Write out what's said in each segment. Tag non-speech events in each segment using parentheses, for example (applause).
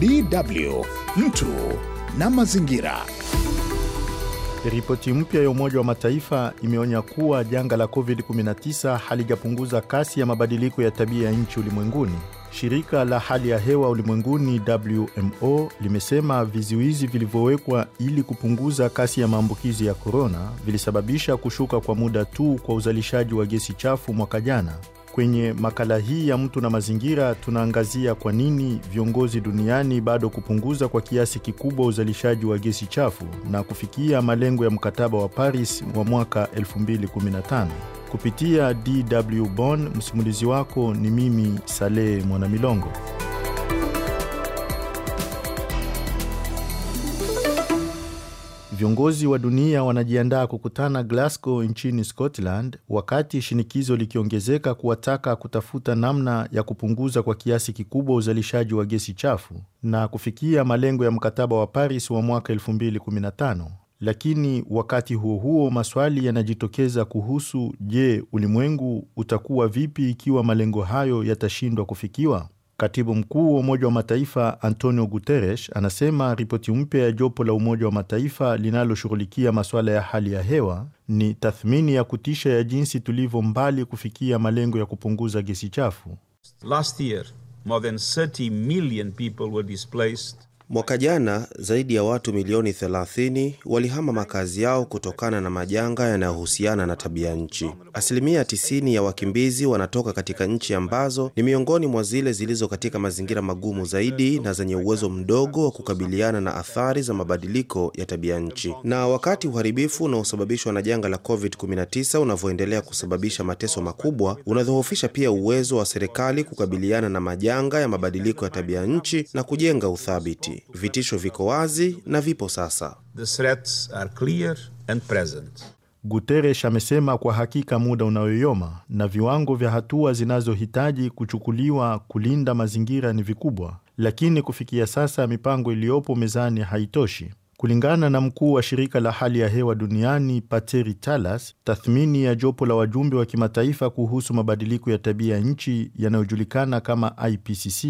DW mtu na mazingira. Ripoti mpya ya Umoja wa Mataifa imeonya kuwa janga la COVID-19 halijapunguza kasi ya mabadiliko ya tabia ya nchi ulimwenguni. Shirika la hali ya hewa ulimwenguni WMO limesema vizuizi vilivyowekwa ili kupunguza kasi ya maambukizi ya korona vilisababisha kushuka kwa muda tu kwa uzalishaji wa gesi chafu mwaka jana. Kwenye makala hii ya mtu na mazingira, tunaangazia kwa nini viongozi duniani bado kupunguza kwa kiasi kikubwa uzalishaji wa gesi chafu na kufikia malengo ya mkataba wa Paris wa mwaka 2015. Kupitia DW Bonn, msimulizi wako ni mimi Saleh Mwanamilongo. Viongozi wa dunia wanajiandaa kukutana Glasgow nchini Scotland, wakati shinikizo likiongezeka kuwataka kutafuta namna ya kupunguza kwa kiasi kikubwa uzalishaji wa gesi chafu na kufikia malengo ya mkataba wa Paris wa mwaka 2015. Lakini wakati huo huo, maswali yanajitokeza kuhusu je, ulimwengu utakuwa vipi ikiwa malengo hayo yatashindwa kufikiwa? Katibu mkuu wa Umoja wa Mataifa Antonio Guterres anasema ripoti mpya ya jopo la Umoja wa Mataifa linaloshughulikia masuala ya hali ya hewa ni tathmini ya kutisha ya jinsi tulivyo mbali kufikia malengo ya kupunguza gesi chafu. Last year, more than 30 million people were displaced Mwaka jana zaidi ya watu milioni 30 walihama makazi yao kutokana na majanga yanayohusiana na tabia nchi. Asilimia 90 ya wakimbizi wanatoka katika nchi ambazo ni miongoni mwa zile zilizo katika mazingira magumu zaidi na zenye uwezo mdogo wa kukabiliana na athari za mabadiliko ya tabia nchi. Na wakati uharibifu unaosababishwa na janga la COVID-19 unavyoendelea kusababisha mateso makubwa, unadhoofisha pia uwezo wa serikali kukabiliana na majanga ya mabadiliko ya tabia nchi na kujenga uthabiti. Vitisho viko wazi na vipo sasa. Guterres amesema kwa hakika muda unayoyoma na viwango vya hatua zinazohitaji kuchukuliwa kulinda mazingira ni vikubwa, lakini kufikia sasa mipango iliyopo mezani haitoshi. Kulingana na mkuu wa shirika la hali ya hewa duniani Pateri Talas, tathmini ya jopo la wajumbe wa kimataifa kuhusu mabadiliko ya tabia ya nchi yanayojulikana kama IPCC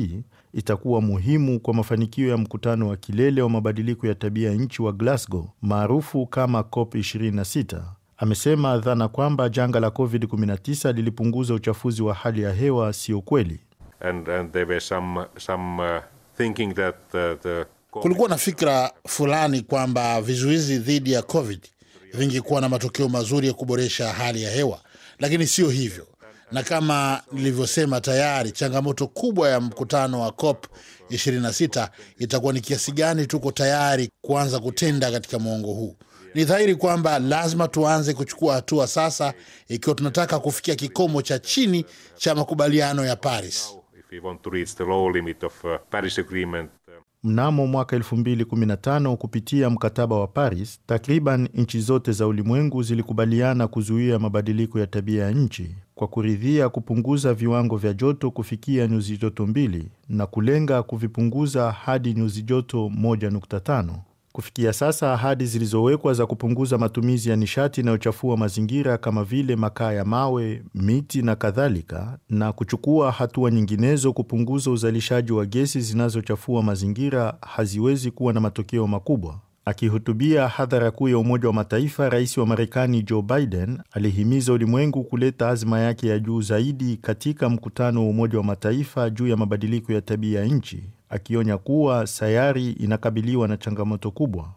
itakuwa muhimu kwa mafanikio ya mkutano wa kilele wa mabadiliko ya tabia nchi wa Glasgow maarufu kama COP26. Amesema dhana kwamba janga la COVID-19 lilipunguza uchafuzi wa hali ya hewa sio kweli. and, and there were some, some, uh, thinking that uh, the, the... Kulikuwa na fikra fulani kwamba vizuizi dhidi ya COVID vingekuwa na matokeo mazuri ya kuboresha hali ya hewa, lakini sio hivyo na kama nilivyosema tayari, changamoto kubwa ya mkutano wa COP 26 itakuwa ni kiasi gani tuko tayari kuanza kutenda katika mwongo huu. Ni dhahiri kwamba lazima tuanze kuchukua hatua sasa, ikiwa tunataka kufikia kikomo cha chini cha makubaliano ya Paris mnamo mwaka 2015 kupitia mkataba wa Paris, takriban nchi zote za ulimwengu zilikubaliana kuzuia mabadiliko ya tabia ya nchi kwa kuridhia kupunguza viwango vya joto kufikia nyuzi joto mbili na kulenga kuvipunguza hadi nyuzi joto 1.5. Kufikia sasa ahadi zilizowekwa za kupunguza matumizi ya nishati inayochafua mazingira kama vile makaa ya mawe, miti na kadhalika, na kuchukua hatua nyinginezo kupunguza uzalishaji wa gesi zinazochafua mazingira haziwezi kuwa na matokeo makubwa. Akihutubia hadhara kuu ya Umoja wa Mataifa, rais wa Marekani Joe Biden alihimiza ulimwengu kuleta azma yake ya juu zaidi katika mkutano wa Umoja wa Mataifa juu ya mabadiliko ya tabia ya nchi akionya kuwa sayari inakabiliwa na changamoto kubwa.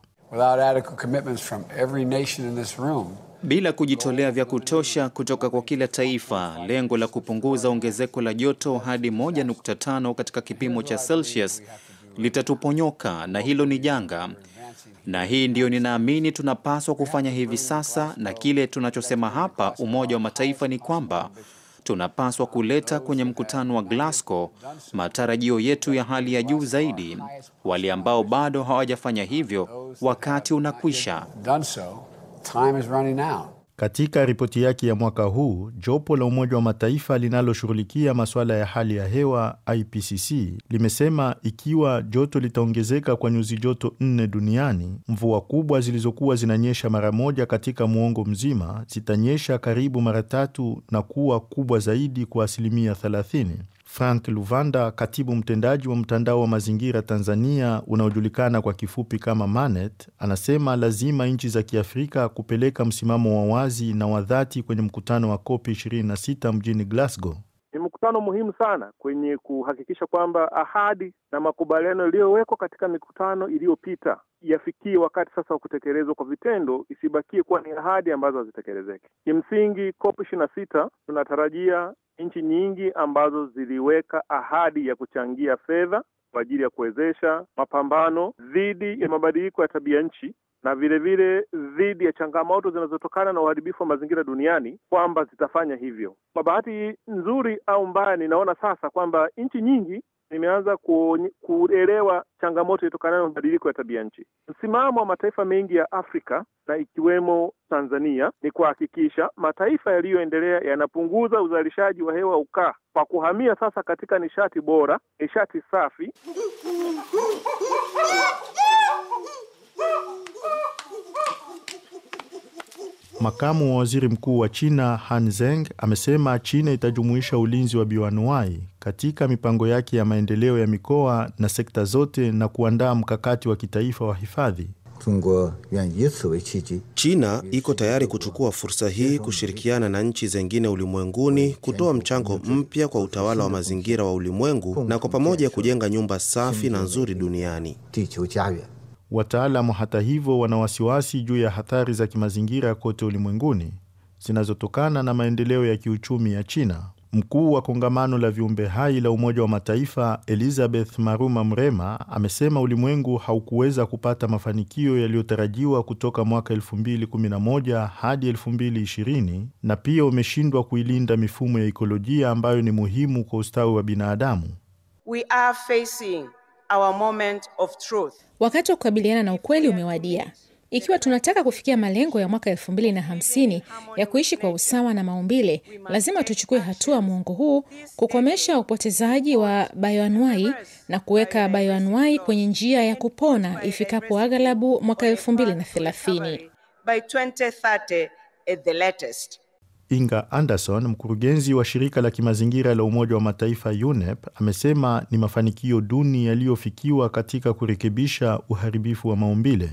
Bila kujitolea vya kutosha kutoka kwa kila taifa, lengo la kupunguza ongezeko la joto hadi 1.5 katika kipimo cha Celsius litatuponyoka, na hilo ni janga. Na hii ndiyo ninaamini tunapaswa kufanya hivi sasa, na kile tunachosema hapa Umoja wa Mataifa ni kwamba tunapaswa kuleta kwenye mkutano wa Glasgow matarajio yetu ya hali ya juu zaidi. Wale ambao bado hawajafanya hivyo, wakati unakwisha. Katika ripoti yake ya mwaka huu, jopo la Umoja wa Mataifa linaloshughulikia masuala ya hali ya hewa IPCC limesema ikiwa joto litaongezeka kwa nyuzi joto nne duniani, mvua kubwa zilizokuwa zinanyesha mara moja katika muongo mzima zitanyesha karibu mara tatu na kuwa kubwa zaidi kwa asilimia 30. Frank Luvanda, katibu mtendaji wa mtandao wa mazingira Tanzania unaojulikana kwa kifupi kama MANET, anasema lazima nchi za Kiafrika kupeleka msimamo wa wazi na wa dhati kwenye mkutano wa COP 26 mjini Glasgow mkutano muhimu sana kwenye kuhakikisha kwamba ahadi na makubaliano yaliyowekwa katika mikutano iliyopita yafikie wakati sasa wa kutekelezwa kwa vitendo, isibakie kuwa ni ahadi ambazo hazitekelezeki. Kimsingi, COP ishirini na sita tunatarajia nchi nyingi ambazo ziliweka ahadi ya kuchangia fedha kwa ajili ya kuwezesha mapambano dhidi ya mabadiliko ya tabia nchi na vilevile dhidi ya changamoto zinazotokana na uharibifu wa mazingira duniani kwamba zitafanya hivyo. Kwa bahati nzuri au mbaya, ninaona sasa kwamba nchi nyingi zimeanza kuelewa changamoto itokanayo na mabadiliko ya tabia nchi. Msimamo wa mataifa mengi ya Afrika na ikiwemo Tanzania ni kuhakikisha mataifa yaliyoendelea yanapunguza uzalishaji wa hewa ukaa kwa kuhamia sasa katika nishati bora, nishati safi (laughs) Makamu wa waziri mkuu wa China Han Zeng amesema China itajumuisha ulinzi wa bioanuai katika mipango yake ya maendeleo ya mikoa na sekta zote na kuandaa mkakati wa kitaifa wa hifadhi. China iko tayari kuchukua fursa hii kushirikiana na nchi zengine ulimwenguni kutoa mchango mpya kwa utawala wa mazingira wa ulimwengu na kwa pamoja kujenga nyumba safi na nzuri duniani. Wataalamu hata hivyo wana wasiwasi juu ya hatari za kimazingira kote ulimwenguni zinazotokana na maendeleo ya kiuchumi ya China. Mkuu wa kongamano la viumbe hai la Umoja wa Mataifa Elizabeth Maruma Mrema amesema ulimwengu haukuweza kupata mafanikio yaliyotarajiwa kutoka mwaka 2011 hadi 2020 na pia umeshindwa kuilinda mifumo ya ikolojia ambayo ni muhimu kwa ustawi wa binadamu. We are facing our moment of truth. Wakati wa kukabiliana na ukweli umewadia. Ikiwa tunataka kufikia malengo ya mwaka elfu mbili na hamsini ya kuishi kwa usawa na maumbile, lazima tuchukue hatua mwongo huu kukomesha upotezaji wa bayoanuai na kuweka bayoanuai kwenye njia ya kupona ifikapo aghalabu mwaka elfu mbili na thelathini. Inga Anderson, mkurugenzi wa shirika la kimazingira la Umoja wa Mataifa UNEP, amesema ni mafanikio duni yaliyofikiwa katika kurekebisha uharibifu wa maumbile.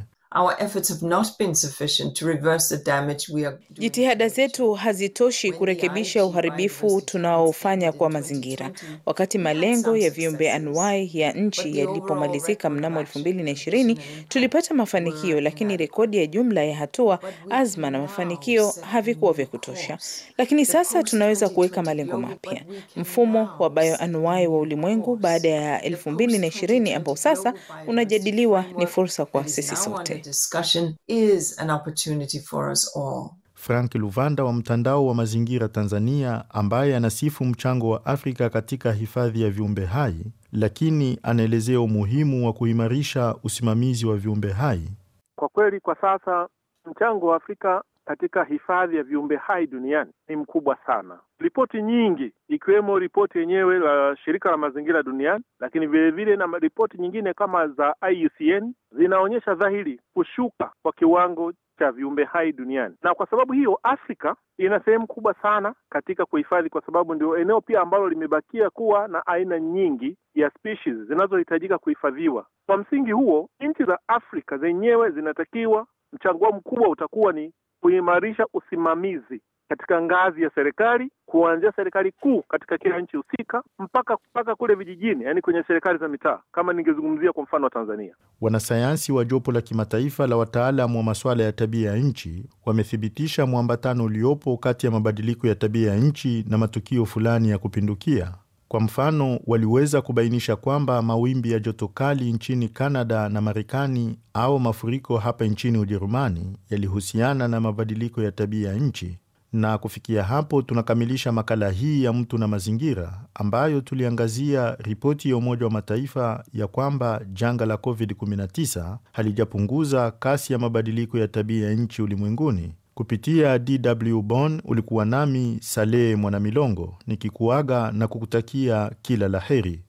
Jitihada zetu hazitoshi kurekebisha uharibifu tunaofanya kwa mazingira. Wakati malengo ya viumbe anuwai ya nchi yalipomalizika mnamo 2020, tulipata mafanikio, lakini rekodi ya jumla ya hatua, azma na mafanikio havikuwa vya kutosha. Lakini sasa tunaweza kuweka malengo mapya. Mfumo wa bioanuwai wa ulimwengu baada ya 2020 ambao sasa unajadiliwa ni fursa kwa sisi sote discussion is an opportunity for us all. Frank Luvanda wa mtandao wa mazingira Tanzania ambaye anasifu mchango wa Afrika katika hifadhi ya viumbe hai, lakini anaelezea umuhimu wa kuimarisha usimamizi wa viumbe hai. Kwa kweli, kwa sasa mchango wa Afrika katika hifadhi ya viumbe hai duniani ni mkubwa sana. Ripoti nyingi ikiwemo ripoti yenyewe la shirika la mazingira duniani, lakini vilevile na ripoti nyingine kama za IUCN zinaonyesha dhahiri kushuka kwa kiwango cha viumbe hai duniani, na kwa sababu hiyo Afrika ina sehemu kubwa sana katika kuhifadhi, kwa sababu ndio eneo pia ambalo limebakia kuwa na aina nyingi ya species zinazohitajika kuhifadhiwa. Kwa msingi huo, nchi za Afrika zenyewe zinatakiwa mchango wao mkubwa utakuwa ni kuimarisha usimamizi katika ngazi ya serikali kuanzia serikali kuu katika kila nchi husika mpaka mpaka kule vijijini, yani kwenye serikali za mitaa. Kama ningezungumzia kwa mfano wa Tanzania, wanasayansi wa jopo la kimataifa la wataalamu wa masuala ya tabia ya nchi wamethibitisha mwambatano uliopo kati ya mabadiliko ya tabia ya nchi na matukio fulani ya kupindukia. Kwa mfano, waliweza kubainisha kwamba mawimbi ya joto kali nchini Kanada na Marekani au mafuriko hapa nchini Ujerumani yalihusiana na mabadiliko ya tabia ya nchi. Na kufikia hapo tunakamilisha makala hii ya mtu na mazingira ambayo tuliangazia ripoti ya Umoja wa Mataifa ya kwamba janga la COVID-19 halijapunguza kasi ya mabadiliko ya tabia ya nchi ulimwenguni, Kupitia DW Bonn ulikuwa nami Salehe Mwanamilongo nikikuaga na kukutakia kila laheri.